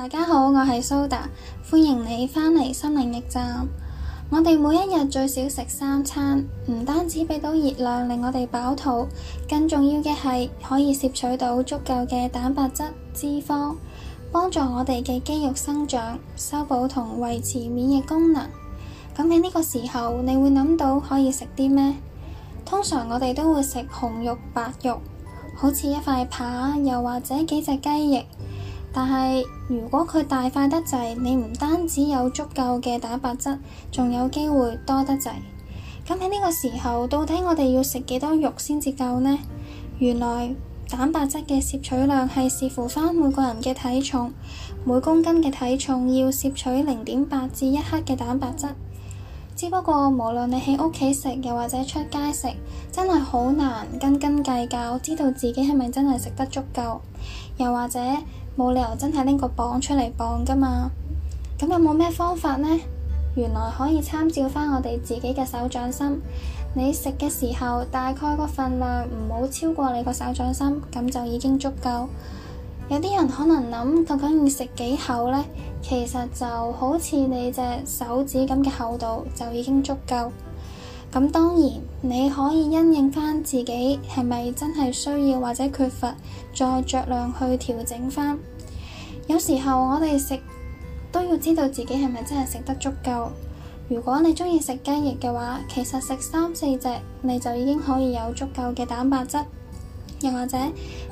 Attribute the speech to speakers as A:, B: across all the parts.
A: 大家好，我係蘇達，歡迎你返嚟心靈驛站。我哋每一日最少食三餐，唔單止俾到熱量令我哋飽肚，更重要嘅係可以攝取到足夠嘅蛋白質、脂肪，幫助我哋嘅肌肉生長、修補同維持免疫功能。咁喺呢個時候，你會諗到可以食啲咩？通常我哋都會食紅肉、白肉，好似一塊扒，又或者幾隻雞翼。但係，如果佢大塊得滯，你唔單止有足夠嘅蛋白質，仲有機會多得滯。咁喺呢個時候，到底我哋要食幾多肉先至夠呢？原來蛋白質嘅攝取量係視乎翻每個人嘅體重，每公斤嘅體重要攝取零點八至一克嘅蛋白質。只不過，無論你喺屋企食，又或者出街食，真係好難斤斤計較，知道自己係咪真係食得足夠，又或者，冇理由真係拎個磅出嚟磅噶嘛，咁有冇咩方法呢？原來可以參照翻我哋自己嘅手掌心。你食嘅時候，大概個份量唔好超過你個手掌心，咁就已經足夠。有啲人可能諗究竟要食幾厚呢？其實就好似你隻手指咁嘅厚度就已經足夠。咁當然，你可以因應翻自己係咪真係需要或者缺乏，再酌量去調整翻。有時候我哋食都要知道自己係咪真係食得足夠。如果你鍾意食雞翼嘅話，其實食三四隻你就已經可以有足夠嘅蛋白質。又或者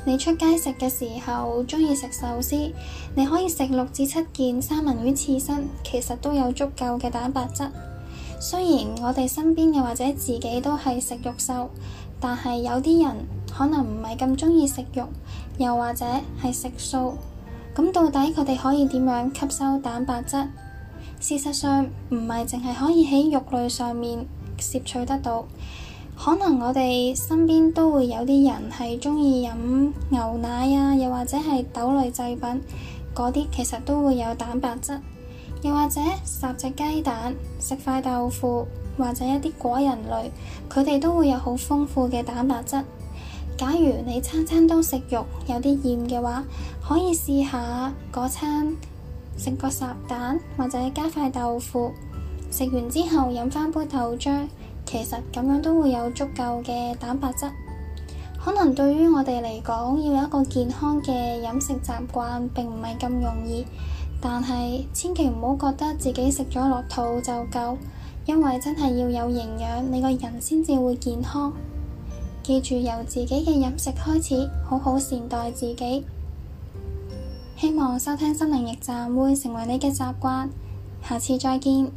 A: 你出街食嘅時候鍾意食壽司，你可以食六至七件三文魚刺身，其實都有足夠嘅蛋白質。雖然我哋身邊又或者自己都係食肉獸，但係有啲人可能唔係咁鍾意食肉，又或者係食素，咁到底佢哋可以點樣吸收蛋白質？事實上唔係淨係可以喺肉類上面攝取得到，可能我哋身邊都會有啲人係鍾意飲牛奶啊，又或者係豆類製品嗰啲，其實都會有蛋白質。又或者烚隻雞蛋、食塊豆腐，或者一啲果仁類，佢哋都會有好豐富嘅蛋白質。假如你餐餐都食肉，有啲厭嘅話，可以試下嗰餐食個烚蛋，或者加塊豆腐。食完之後飲翻杯豆漿，其實咁樣都會有足夠嘅蛋白質。可能對於我哋嚟講，要有一個健康嘅飲食習慣並唔係咁容易。但係千祈唔好覺得自己食咗落肚就夠，因為真係要有營養，你個人先至會健康。記住由自己嘅飲食開始，好好善待自己。希望收聽心靈驛站會成為你嘅習慣，下次再見。